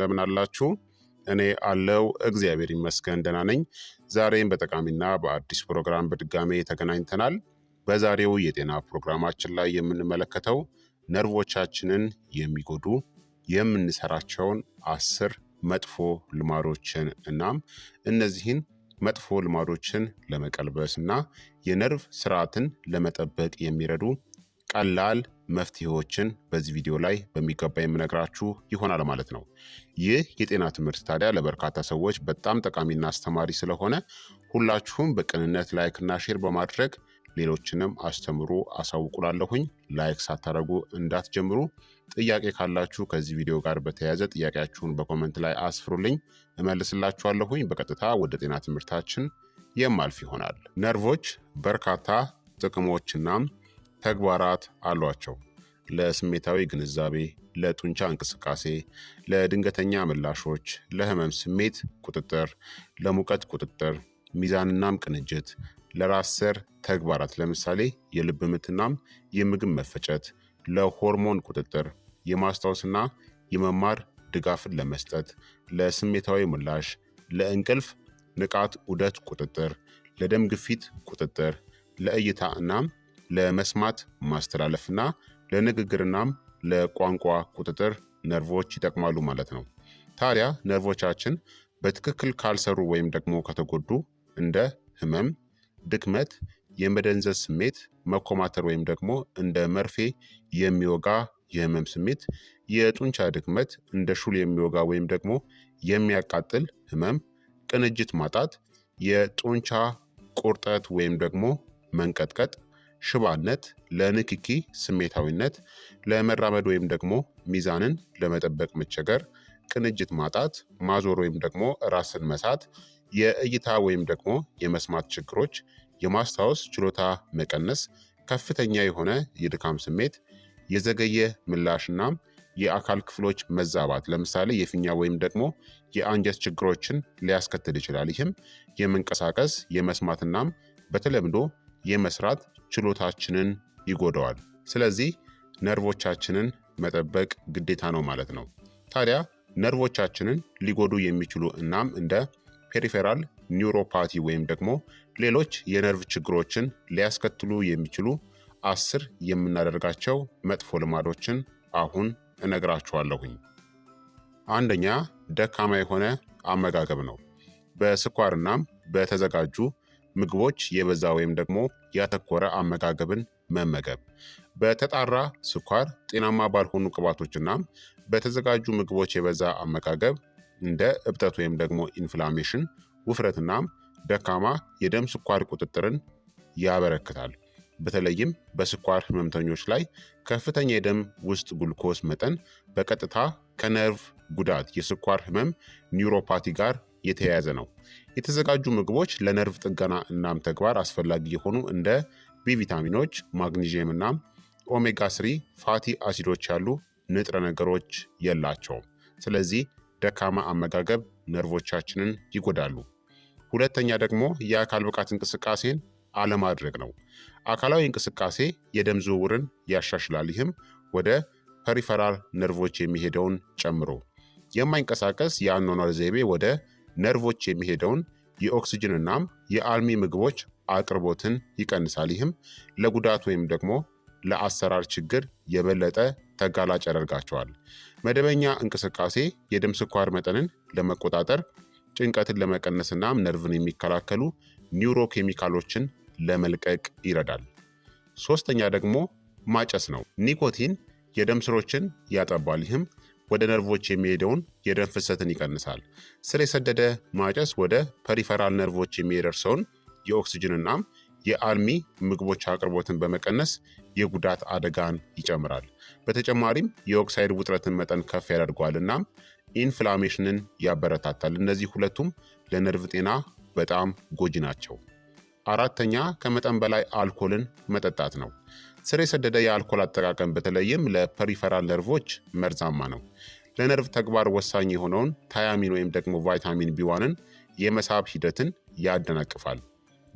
እንደምን አላችሁ? እኔ አለው እግዚአብሔር ይመስገን ደህና ነኝ። ዛሬም በጠቃሚና በአዲስ ፕሮግራም በድጋሜ ተገናኝተናል። በዛሬው የጤና ፕሮግራማችን ላይ የምንመለከተው ነርቮቻችንን የሚጎዱ የምንሰራቸውን አስር መጥፎ ልማዶችን እናም እነዚህን መጥፎ ልማዶችን ለመቀልበስ እና የነርቭ ስርዓትን ለመጠበቅ የሚረዱ ቀላል መፍትሄዎችን በዚህ ቪዲዮ ላይ በሚገባ የምነግራችሁ ይሆናል ማለት ነው። ይህ የጤና ትምህርት ታዲያ ለበርካታ ሰዎች በጣም ጠቃሚና አስተማሪ ስለሆነ ሁላችሁም በቅንነት ላይክና ሼር በማድረግ ሌሎችንም አስተምሩ አሳውቁላለሁኝ። ላይክ ሳታደርጉ እንዳትጀምሩ። ጥያቄ ካላችሁ ከዚህ ቪዲዮ ጋር በተያያዘ ጥያቄያችሁን በኮመንት ላይ አስፍሩልኝ፣ እመልስላችኋለሁኝ። በቀጥታ ወደ ጤና ትምህርታችን የማልፍ ይሆናል። ነርቮች በርካታ ጥቅሞችናም ተግባራት አሏቸው። ለስሜታዊ ግንዛቤ፣ ለጡንቻ እንቅስቃሴ፣ ለድንገተኛ ምላሾች፣ ለህመም ስሜት ቁጥጥር፣ ለሙቀት ቁጥጥር፣ ሚዛንናም ቅንጅት፣ ለራስ ሰር ተግባራት ለምሳሌ የልብ ምትናም የምግብ መፈጨት፣ ለሆርሞን ቁጥጥር፣ የማስታወስና የመማር ድጋፍን ለመስጠት፣ ለስሜታዊ ምላሽ፣ ለእንቅልፍ ንቃት ዑደት ቁጥጥር፣ ለደም ግፊት ቁጥጥር፣ ለእይታ እናም ለመስማት ማስተላለፍና ለንግግርናም ለቋንቋ ቁጥጥር ነርቮች ይጠቅማሉ ማለት ነው። ታዲያ ነርቮቻችን በትክክል ካልሰሩ ወይም ደግሞ ከተጎዱ እንደ ህመም፣ ድክመት፣ የመደንዘዝ ስሜት፣ መኮማተር ወይም ደግሞ እንደ መርፌ የሚወጋ የህመም ስሜት፣ የጡንቻ ድክመት፣ እንደ ሹል የሚወጋ ወይም ደግሞ የሚያቃጥል ህመም፣ ቅንጅት ማጣት፣ የጡንቻ ቁርጠት ወይም ደግሞ መንቀጥቀጥ ሽባነት፣ ለንክኪ ስሜታዊነት፣ ለመራመድ ወይም ደግሞ ሚዛንን ለመጠበቅ መቸገር፣ ቅንጅት ማጣት፣ ማዞር ወይም ደግሞ ራስን መሳት፣ የእይታ ወይም ደግሞ የመስማት ችግሮች፣ የማስታወስ ችሎታ መቀነስ፣ ከፍተኛ የሆነ የድካም ስሜት፣ የዘገየ ምላሽናም የአካል ክፍሎች መዛባት ለምሳሌ የፊኛ ወይም ደግሞ የአንጀት ችግሮችን ሊያስከትል ይችላል። ይህም የመንቀሳቀስ የመስማትናም በተለምዶ የመስራት ችሎታችንን ይጎደዋል። ስለዚህ ነርቮቻችንን መጠበቅ ግዴታ ነው ማለት ነው። ታዲያ ነርቮቻችንን ሊጎዱ የሚችሉ እናም እንደ ፔሪፌራል ኒውሮፓቲ ወይም ደግሞ ሌሎች የነርቭ ችግሮችን ሊያስከትሉ የሚችሉ አስር የምናደርጋቸው መጥፎ ልማዶችን አሁን እነግራችኋለሁኝ። አንደኛ ደካማ የሆነ አመጋገብ ነው። በስኳርናም በተዘጋጁ ምግቦች የበዛ ወይም ደግሞ ያተኮረ አመጋገብን መመገብ፣ በተጣራ ስኳር፣ ጤናማ ባልሆኑ ቅባቶችና በተዘጋጁ ምግቦች የበዛ አመጋገብ እንደ እብጠት ወይም ደግሞ ኢንፍላሜሽን፣ ውፍረትና ደካማ የደም ስኳር ቁጥጥርን ያበረክታል። በተለይም በስኳር ህመምተኞች ላይ ከፍተኛ የደም ውስጥ ጉልኮስ መጠን በቀጥታ ከነርቭ ጉዳት የስኳር ህመም ኒውሮፓቲ ጋር የተያያዘ ነው። የተዘጋጁ ምግቦች ለነርቭ ጥገና እናም ተግባር አስፈላጊ የሆኑ እንደ ቢ ቪታሚኖች፣ ማግኒዥየም እና ኦሜጋ ስሪ ፋቲ አሲዶች ያሉ ንጥረ ነገሮች የላቸውም። ስለዚህ ደካማ አመጋገብ ነርቮቻችንን ይጎዳሉ። ሁለተኛ ደግሞ የአካል ብቃት እንቅስቃሴን አለማድረግ ነው። አካላዊ እንቅስቃሴ የደም ዝውውርን ያሻሽላል፣ ይህም ወደ ፐሪፈራል ነርቮች የሚሄደውን ጨምሮ። የማይንቀሳቀስ የአኗኗር ዘይቤ ወደ ነርቮች የሚሄደውን የኦክስጅን የአልሚ ምግቦች አቅርቦትን ይቀንሳል። ይህም ለጉዳት ወይም ደግሞ ለአሰራር ችግር የበለጠ ተጋላጭ ያደርጋቸዋል። መደበኛ እንቅስቃሴ የደም ስኳር መጠንን ለመቆጣጠር ጭንቀትን ለመቀነስና ነርቭን የሚከላከሉ ኒውሮ ኬሚካሎችን ለመልቀቅ ይረዳል። ሶስተኛ ደግሞ ማጨስ ነው። ኒኮቲን የደም ስሮችን ያጠባል። ይህም ወደ ነርቮች የሚሄደውን የደም ፍሰትን ይቀንሳል። ስር የሰደደ ማጨስ ወደ ፐሪፈራል ነርቮች የሚደርሰውን የኦክስጅንና የአልሚ ምግቦች አቅርቦትን በመቀነስ የጉዳት አደጋን ይጨምራል። በተጨማሪም የኦክሳይድ ውጥረትን መጠን ከፍ ያደርገዋል እናም ኢንፍላሜሽንን ያበረታታል። እነዚህ ሁለቱም ለነርቭ ጤና በጣም ጎጂ ናቸው። አራተኛ ከመጠን በላይ አልኮልን መጠጣት ነው። ስር የሰደደ የአልኮል አጠቃቀም በተለይም ለፐሪፈራል ነርቮች መርዛማ ነው። ለነርቭ ተግባር ወሳኝ የሆነውን ታያሚን ወይም ደግሞ ቫይታሚን ቢዋንን የመሳብ ሂደትን ያደናቅፋል።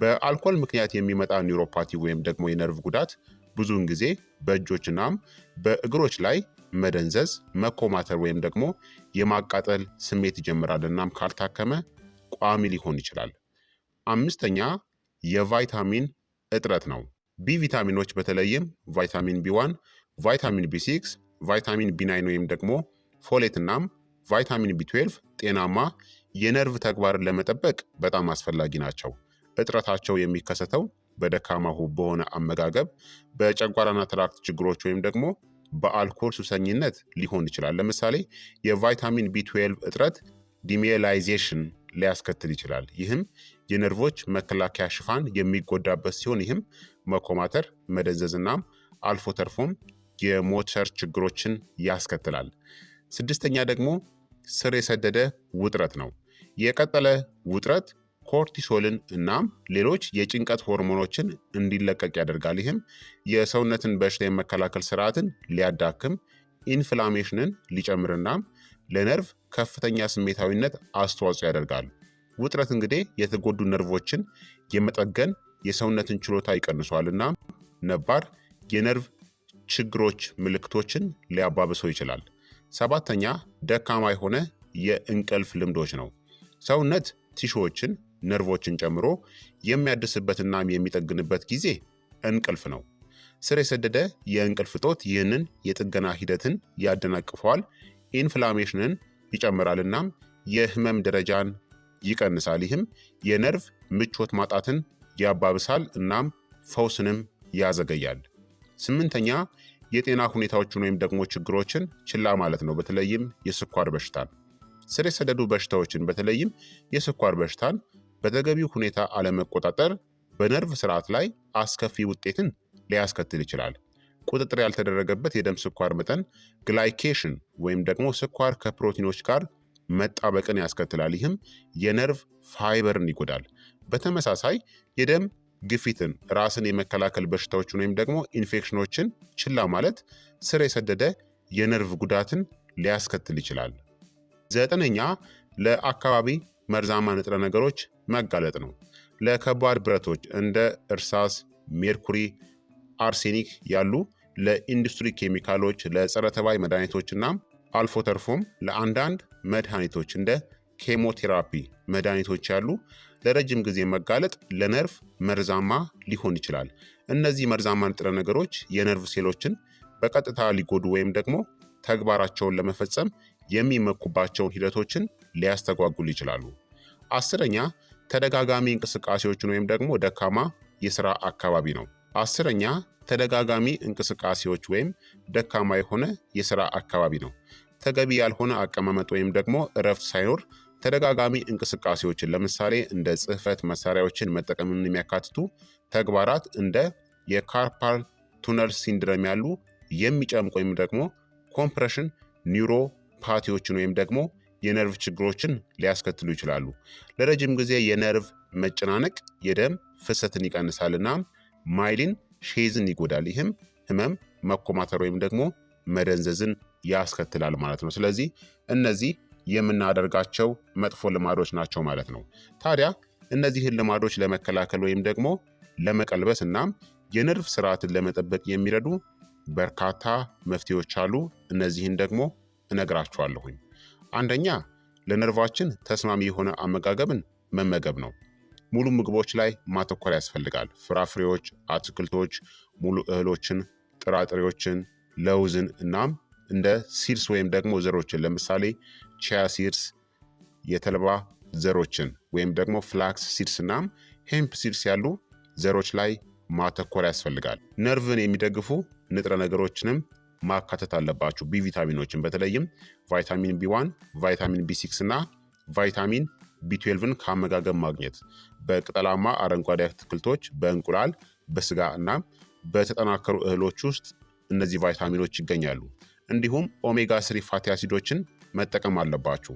በአልኮል ምክንያት የሚመጣ ኒውሮፓቲ ወይም ደግሞ የነርቭ ጉዳት ብዙውን ጊዜ በእጆችናም በእግሮች ላይ መደንዘዝ፣ መኮማተር ወይም ደግሞ የማቃጠል ስሜት ይጀምራል። እናም ካልታከመ ቋሚ ሊሆን ይችላል። አምስተኛ የቫይታሚን እጥረት ነው። ቢ ቪታሚኖች በተለይም ቫይታሚን ቢ1፣ ቫይታሚን ቢ6፣ ቫይታሚን ቢ9 ወይም ደግሞ ፎሌት እናም ቫይታሚን ቢ12 ጤናማ የነርቭ ተግባርን ለመጠበቅ በጣም አስፈላጊ ናቸው። እጥረታቸው የሚከሰተው በደካማ በሆነ አመጋገብ፣ በጨጓራና ትራክት ችግሮች ወይም ደግሞ በአልኮል ሱሰኝነት ሊሆን ይችላል። ለምሳሌ የቫይታሚን ቢ12 እጥረት ዲሜላይዜሽን ሊያስከትል ይችላል። ይህም የነርቮች መከላከያ ሽፋን የሚጎዳበት ሲሆን ይህም መኮማተር፣ መደንዘዝ አልፎ ተርፎም የሞተር ችግሮችን ያስከትላል። ስድስተኛ ደግሞ ስር የሰደደ ውጥረት ነው። የቀጠለ ውጥረት ኮርቲሶልን እናም ሌሎች የጭንቀት ሆርሞኖችን እንዲለቀቅ ያደርጋል። ይህም የሰውነትን በሽታ የመከላከል ስርዓትን ሊያዳክም ኢንፍላሜሽንን ሊጨምርናም ለነርቭ ከፍተኛ ስሜታዊነት አስተዋጽኦ ያደርጋሉ። ውጥረት እንግዲህ የተጎዱ ነርቮችን የመጠገን የሰውነትን ችሎታ ይቀንሷል እና ነባር የነርቭ ችግሮች ምልክቶችን ሊያባብሰው ይችላል። ሰባተኛ ደካማ የሆነ የእንቅልፍ ልምዶች ነው። ሰውነት ቲሾዎችን ነርቮችን ጨምሮ የሚያድስበትና የሚጠግንበት ጊዜ እንቅልፍ ነው። ስር የሰደደ የእንቅልፍ እጦት ይህንን የጥገና ሂደትን ያደናቅፈዋል፣ ኢንፍላሜሽንን ይጨምራል እናም የህመም ደረጃን ይቀንሳል። ይህም የነርቭ ምቾት ማጣትን ያባብሳል እናም ፈውስንም ያዘገያል። ስምንተኛ የጤና ሁኔታዎችን ወይም ደግሞ ችግሮችን ችላ ማለት ነው። በተለይም የስኳር በሽታን፣ ስር የሰደዱ በሽታዎችን በተለይም የስኳር በሽታን በተገቢው ሁኔታ አለመቆጣጠር በነርቭ ስርዓት ላይ አስከፊ ውጤትን ሊያስከትል ይችላል። ቁጥጥር ያልተደረገበት የደም ስኳር መጠን ግላይኬሽን ወይም ደግሞ ስኳር ከፕሮቲኖች ጋር መጣበቅን ያስከትላል። ይህም የነርቭ ፋይበርን ይጎዳል። በተመሳሳይ የደም ግፊትን፣ ራስን የመከላከል በሽታዎችን ወይም ደግሞ ኢንፌክሽኖችን ችላ ማለት ስር የሰደደ የነርቭ ጉዳትን ሊያስከትል ይችላል። ዘጠነኛ ለአካባቢ መርዛማ ንጥረ ነገሮች መጋለጥ ነው። ለከባድ ብረቶች እንደ እርሳስ፣ ሜርኩሪ፣ አርሴኒክ ያሉ ለኢንዱስትሪ ኬሚካሎች፣ ለጸረ ተባይ መድኃኒቶችና አልፎ ተርፎም ለአንዳንድ መድኃኒቶች እንደ ኬሞቴራፒ መድኃኒቶች ያሉ ለረጅም ጊዜ መጋለጥ ለነርቭ መርዛማ ሊሆን ይችላል። እነዚህ መርዛማ ንጥረ ነገሮች የነርቭ ሴሎችን በቀጥታ ሊጎዱ ወይም ደግሞ ተግባራቸውን ለመፈጸም የሚመኩባቸውን ሂደቶችን ሊያስተጓጉል ይችላሉ። አስረኛ ተደጋጋሚ እንቅስቃሴዎችን ወይም ደግሞ ደካማ የስራ አካባቢ ነው። አስረኛ ተደጋጋሚ እንቅስቃሴዎች ወይም ደካማ የሆነ የስራ አካባቢ ነው። ተገቢ ያልሆነ አቀማመጥ ወይም ደግሞ እረፍት ሳይኖር ተደጋጋሚ እንቅስቃሴዎችን ለምሳሌ እንደ ጽህፈት መሳሪያዎችን መጠቀምን የሚያካትቱ ተግባራት እንደ የካርፓል ቱነር ሲንድረም ያሉ የሚጨምቅ ወይም ደግሞ ኮምፕሬሽን ኒውሮ ፓቲዎችን ወይም ደግሞ የነርቭ ችግሮችን ሊያስከትሉ ይችላሉ። ለረጅም ጊዜ የነርቭ መጨናነቅ የደም ፍሰትን ይቀንሳል እናም ማይሊን ሼዝን ይጎዳል። ይህም ህመም፣ መኮማተር ወይም ደግሞ መደንዘዝን ያስከትላል ማለት ነው። ስለዚህ እነዚህ የምናደርጋቸው መጥፎ ልማዶች ናቸው ማለት ነው። ታዲያ እነዚህን ልማዶች ለመከላከል ወይም ደግሞ ለመቀልበስ እናም የነርቭ ስርዓትን ለመጠበቅ የሚረዱ በርካታ መፍትሄዎች አሉ። እነዚህን ደግሞ እነግራችኋለሁኝ። አንደኛ ለነርቫችን ተስማሚ የሆነ አመጋገብን መመገብ ነው። ሙሉ ምግቦች ላይ ማተኮር ያስፈልጋል። ፍራፍሬዎች፣ አትክልቶች፣ ሙሉ እህሎችን፣ ጥራጥሬዎችን፣ ለውዝን እናም እንደ ሲድስ ወይም ደግሞ ዘሮችን ለምሳሌ ቺያ ሲድስ፣ የተልባ ዘሮችን ወይም ደግሞ ፍላክስ ሲድስ እናም ሄምፕ ሲድስ ያሉ ዘሮች ላይ ማተኮር ያስፈልጋል። ነርቭን የሚደግፉ ንጥረ ነገሮችንም ማካተት አለባችሁ። ቢ ቪታሚኖችን በተለይም ቫይታሚን ቢ ዋን፣ ቫይታሚን ቢ 6 እና ቫይታሚን ቢትዌልቭን ከአመጋገብ ማግኘት በቅጠላማ አረንጓዴ አትክልቶች፣ በእንቁላል፣ በስጋ እናም በተጠናከሩ እህሎች ውስጥ እነዚህ ቫይታሚኖች ይገኛሉ። እንዲሁም ኦሜጋ ስሪ ፋቲ አሲዶችን መጠቀም አለባችሁ።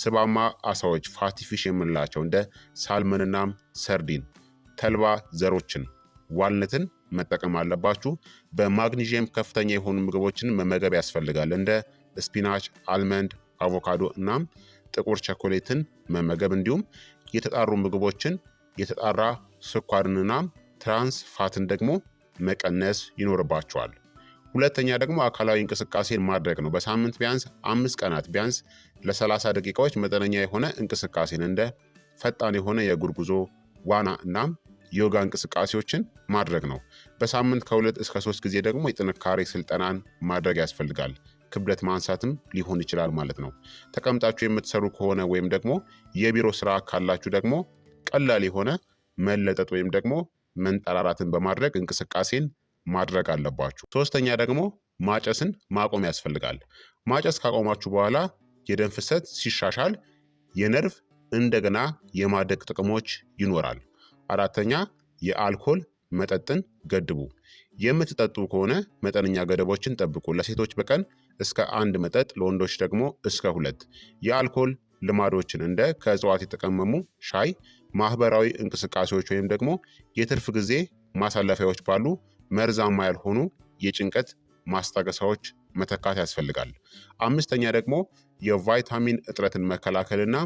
ስባማ አሳዎች ፋቲ ፊሽ የምንላቸው እንደ ሳልመንናም ሰርዲን፣ ተልባ ዘሮችን፣ ዋልነትን መጠቀም አለባችሁ። በማግኒዥየም ከፍተኛ የሆኑ ምግቦችን መመገብ ያስፈልጋል እንደ ስፒናች፣ አልመንድ፣ አቮካዶ እናም ጥቁር ቸኮሌትን መመገብ እንዲሁም የተጣሩ ምግቦችን የተጣራ ስኳርንና ትራንስ ፋትን ደግሞ መቀነስ ይኖርባቸዋል። ሁለተኛ ደግሞ አካላዊ እንቅስቃሴን ማድረግ ነው። በሳምንት ቢያንስ አምስት ቀናት ቢያንስ ለ30 ደቂቃዎች መጠነኛ የሆነ እንቅስቃሴን እንደ ፈጣን የሆነ የእግር ጉዞ፣ ዋና እናም ዮጋ እንቅስቃሴዎችን ማድረግ ነው። በሳምንት ከሁለት እስከ ሶስት ጊዜ ደግሞ የጥንካሬ ስልጠናን ማድረግ ያስፈልጋል። ክብደት ማንሳትም ሊሆን ይችላል ማለት ነው። ተቀምጣችሁ የምትሰሩ ከሆነ ወይም ደግሞ የቢሮ ስራ ካላችሁ ደግሞ ቀላል የሆነ መለጠጥ ወይም ደግሞ መንጠራራትን በማድረግ እንቅስቃሴን ማድረግ አለባችሁ። ሶስተኛ ደግሞ ማጨስን ማቆም ያስፈልጋል። ማጨስ ካቆማችሁ በኋላ የደም ፍሰት ሲሻሻል የነርቭ እንደገና የማደግ ጥቅሞች ይኖራል። አራተኛ የአልኮል መጠጥን ገድቡ። የምትጠጡ ከሆነ መጠነኛ ገደቦችን ጠብቁ። ለሴቶች በቀን እስከ አንድ መጠጥ፣ ለወንዶች ደግሞ እስከ ሁለት የአልኮል ልማዶችን እንደ ከእጽዋት የተቀመሙ ሻይ፣ ማህበራዊ እንቅስቃሴዎች ወይም ደግሞ የትርፍ ጊዜ ማሳለፊያዎች ባሉ መርዛማ ያልሆኑ የጭንቀት ማስታገሻዎች መተካት ያስፈልጋል። አምስተኛ ደግሞ የቫይታሚን እጥረትን መከላከልና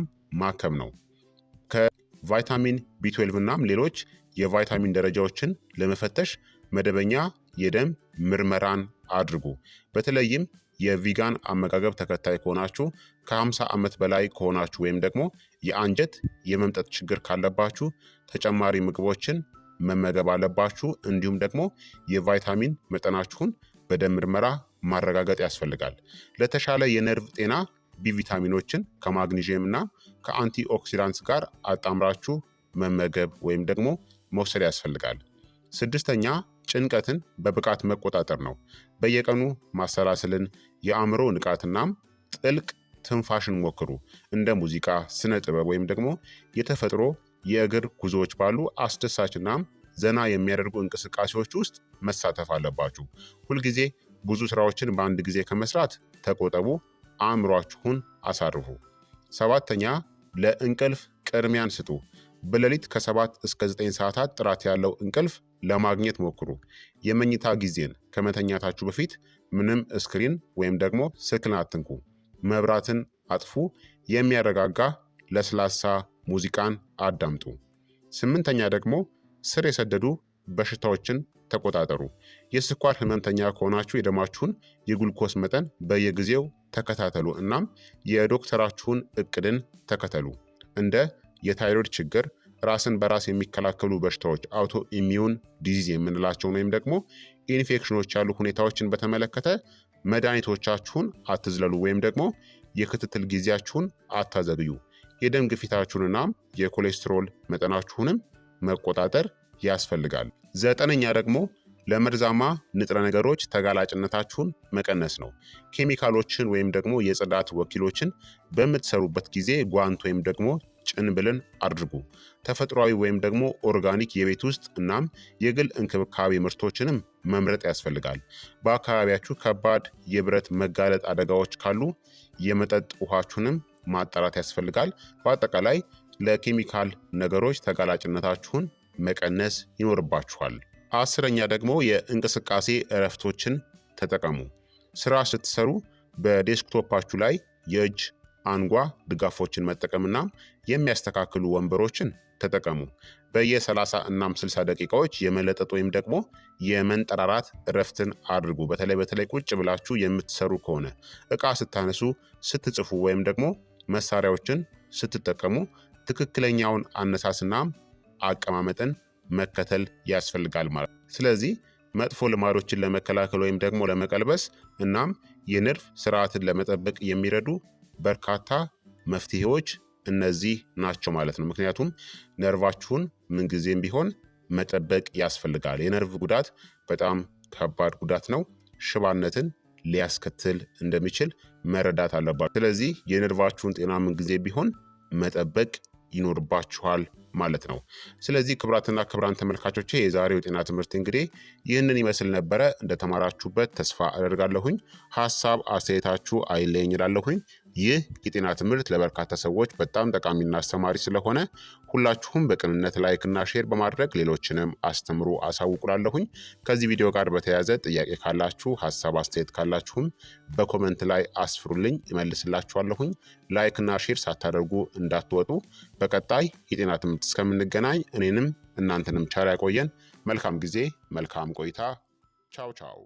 ማከም ነው። ከቫይታሚን ቢ12 እናም ሌሎች የቫይታሚን ደረጃዎችን ለመፈተሽ መደበኛ የደም ምርመራን አድርጉ። በተለይም የቪጋን አመጋገብ ተከታይ ከሆናችሁ ከ50 ዓመት በላይ ከሆናችሁ ወይም ደግሞ የአንጀት የመምጠጥ ችግር ካለባችሁ ተጨማሪ ምግቦችን መመገብ አለባችሁ። እንዲሁም ደግሞ የቫይታሚን መጠናችሁን በደም ምርመራ ማረጋገጥ ያስፈልጋል። ለተሻለ የነርቭ ጤና ቢ ቪታሚኖችን ከማግኒዥየም እና ከአንቲ ጋር አጣምራችሁ መመገብ ወይም ደግሞ መውሰድ ያስፈልጋል። ስድስተኛ ጭንቀትን በብቃት መቆጣጠር ነው። በየቀኑ ማሰላሰልን፣ የአእምሮ ንቃትናም ጥልቅ ትንፋሽን ሞክሩ። እንደ ሙዚቃ፣ ስነ ጥበብ ወይም ደግሞ የተፈጥሮ የእግር ጉዞዎች ባሉ አስደሳችናም ዘና የሚያደርጉ እንቅስቃሴዎች ውስጥ መሳተፍ አለባችሁ። ሁልጊዜ ብዙ ስራዎችን በአንድ ጊዜ ከመስራት ተቆጠቡ። አእምሯችሁን አሳርፉ። ሰባተኛ ለእንቅልፍ ቅድሚያን ስጡ። በሌሊት ከ7 እስከ ዘጠኝ ሰዓታት ጥራት ያለው እንቅልፍ ለማግኘት ሞክሩ። የመኝታ ጊዜን ከመተኛታችሁ በፊት ምንም ስክሪን ወይም ደግሞ ስልክን አትንኩ። መብራትን አጥፉ። የሚያረጋጋ ለስላሳ ሙዚቃን አዳምጡ። ስምንተኛ ደግሞ ስር የሰደዱ በሽታዎችን ተቆጣጠሩ። የስኳር ህመምተኛ ከሆናችሁ የደማችሁን የጉልኮስ መጠን በየጊዜው ተከታተሉ። እናም የዶክተራችሁን እቅድን ተከተሉ። እንደ የታይሮይድ ችግር፣ ራስን በራስ የሚከላከሉ በሽታዎች አውቶ ኢሚዩን ዲዚዝ የምንላቸውን ወይም ደግሞ ኢንፌክሽኖች ያሉ ሁኔታዎችን በተመለከተ መድኃኒቶቻችሁን አትዝለሉ ወይም ደግሞ የክትትል ጊዜያችሁን አታዘግዩ። የደም ግፊታችሁንናም የኮሌስትሮል መጠናችሁንም መቆጣጠር ያስፈልጋል። ዘጠነኛ ደግሞ ለመርዛማ ንጥረ ነገሮች ተጋላጭነታችሁን መቀነስ ነው። ኬሚካሎችን ወይም ደግሞ የጽዳት ወኪሎችን በምትሰሩበት ጊዜ ጓንት ወይም ደግሞ ጭንብልን አድርጉ። ተፈጥሯዊ ወይም ደግሞ ኦርጋኒክ የቤት ውስጥ እናም የግል እንክብካቤ ምርቶችንም መምረጥ ያስፈልጋል። በአካባቢያችሁ ከባድ የብረት መጋለጥ አደጋዎች ካሉ የመጠጥ ውሃችሁንም ማጣራት ያስፈልጋል። በአጠቃላይ ለኬሚካል ነገሮች ተጋላጭነታችሁን መቀነስ ይኖርባችኋል። አስረኛ ደግሞ የእንቅስቃሴ እረፍቶችን ተጠቀሙ። ስራ ስትሰሩ በዴስክቶፓችሁ ላይ የእጅ አንጓ ድጋፎችን መጠቀምና የሚያስተካክሉ ወንበሮችን ተጠቀሙ። በየ30 እናም 60 ደቂቃዎች የመለጠጥ ወይም ደግሞ የመንጠራራት እረፍትን አድርጉ። በተለይ በተለይ ቁጭ ብላችሁ የምትሰሩ ከሆነ እቃ ስታነሱ፣ ስትጽፉ ወይም ደግሞ መሳሪያዎችን ስትጠቀሙ ትክክለኛውን አነሳስና አቀማመጥን መከተል ያስፈልጋል ማለት ነው። ስለዚህ መጥፎ ልማዶችን ለመከላከል ወይም ደግሞ ለመቀልበስ እናም የነርቭ ስርዓትን ለመጠበቅ የሚረዱ በርካታ መፍትሄዎች እነዚህ ናቸው ማለት ነው። ምክንያቱም ነርቫችሁን ምንጊዜም ቢሆን መጠበቅ ያስፈልጋል። የነርቭ ጉዳት በጣም ከባድ ጉዳት ነው። ሽባነትን ሊያስከትል እንደሚችል መረዳት አለባችሁ። ስለዚህ የነርቫችሁን ጤና ምንጊዜ ቢሆን መጠበቅ ይኖርባችኋል ማለት ነው። ስለዚህ ክብራትና ክብራን ተመልካቾች የዛሬው የጤና ትምህርት እንግዲህ ይህንን ይመስል ነበረ። እንደተማራችሁበት ተስፋ አደርጋለሁኝ። ሀሳብ አስተያየታችሁ አይለኝ እላለሁኝ። ይህ የጤና ትምህርት ለበርካታ ሰዎች በጣም ጠቃሚና አስተማሪ ስለሆነ ሁላችሁም በቅንነት ላይክና ሼር በማድረግ ሌሎችንም አስተምሩ አሳውቁላለሁኝ። ከዚህ ቪዲዮ ጋር በተያያዘ ጥያቄ ካላችሁ፣ ሀሳብ አስተያየት ካላችሁም በኮመንት ላይ አስፍሩልኝ፣ እመልስላችኋለሁኝ። ላይክና ሼር ሳታደርጉ እንዳትወጡ። በቀጣይ የጤና ትምህርት እስከምንገናኝ እኔንም እናንተንም ቻር ያቆየን። መልካም ጊዜ፣ መልካም ቆይታ። ቻው ቻው